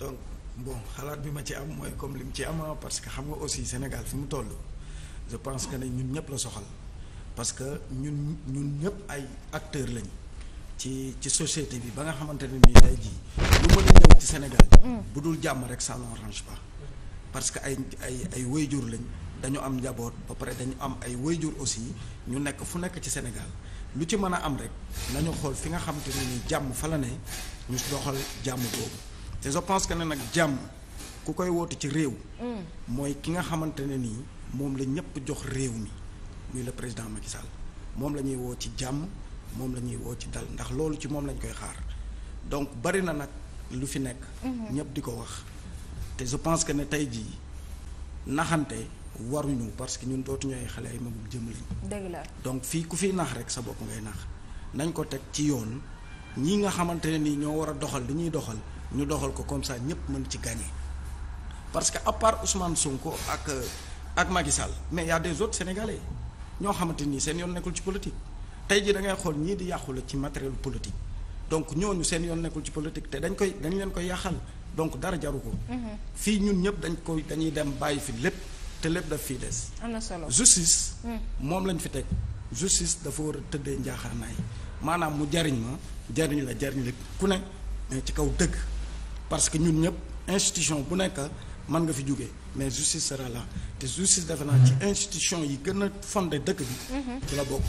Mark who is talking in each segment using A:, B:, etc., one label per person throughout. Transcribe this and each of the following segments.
A: donc bon xalaat bi ma ci am mooy comme li mu ci ama parce que xam nga aussi Sénégal fi mu toll je pense que ne ñun ñëpp la soxal parce que ñun ñun ñëpp ay acteurs lañ ci ci société bi ba nga xamante ne nii tey jii lu mën Sénégal. Mm. bu dul jàmm rek ça parce que ay ay ay wayjur lañ dañu am njaboot ba pare dañu am ay jur aussi ñu nekk fu nekk ci Sénégal lu ci mën a am rek nañu xool fi nga xamante ne nii jàmm fa la ne ñu doxal jàmm boobu. te je pense que ne nag jàmm ku koy woote ci réew. Mm. mooy ki nga xamante ne nii moom la ñëpp jox réew mi muy la président Macky Sall moom la ñuy woo ci jàmm moom la ñuy woo ci dal ndax loolu ci moom lañ koy xaar donc bari na nag lu fi nekk. Mm-hmm. ñëpp di ko wax te je pense que ne tey jii naxante waruñu parce que ñun dootuñu ay xale ay magum jëmm lañ. dëgg la donc fii ku fiy nax rek sa bopp ngay nax nañ ko teg ci yoon. ñii nga xamante ne nii ñoo war a doxal li ñuy doxal ñu doxal ko comme ça ñëpp mën ci gagné parce que à part Ousmane Sonko ak ak Macky Sall mais y a des autres sénégalais ñoo xamante nii seen yoon nekkul ci politique tey ji da ngay xool ñii di yàqu la ci matériel politique donc ñooñu seen yoon nekkul ci politique te dañ koy dañ leen koy yàqal donc dara jaru ko. Mm-hmm. fii ñun ñëpp dañ koy dañuy dem bàyyi fi lépp te lépp daf fii des. am na solo justice. Mm. moom lañ fi teg justice dafa war a tëddee njaaxaanaay. maanaam mu jariñ ma jariñ la jariñ lépp ku ne ci kaw dëkk parce que ñun ñëpp institution bu nekk mën nga fi jógee mais justice sera là te justice defe naa ci mhm. institution yi gën a fonde dëkk bi mhm. ci la bokk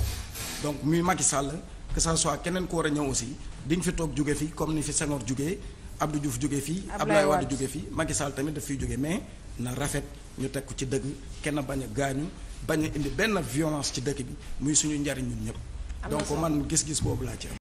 A: donc muy Macky Sall que ça soit keneen ku war a ñëw aussi di nga fi toog jóge fii comme ni fi Senghor jógee Abdou Diouf jóge fii Abdoulaye Wade jóge fii Macky Sall tamit dafay jóge mais na rafet ñu teg ko ci dëgg kenn bañ a gaañu bañ a indi benn violence ci dëkk bi muy suñu njariñ ñun ñëpp donc man gis-gis boobu laa ci am.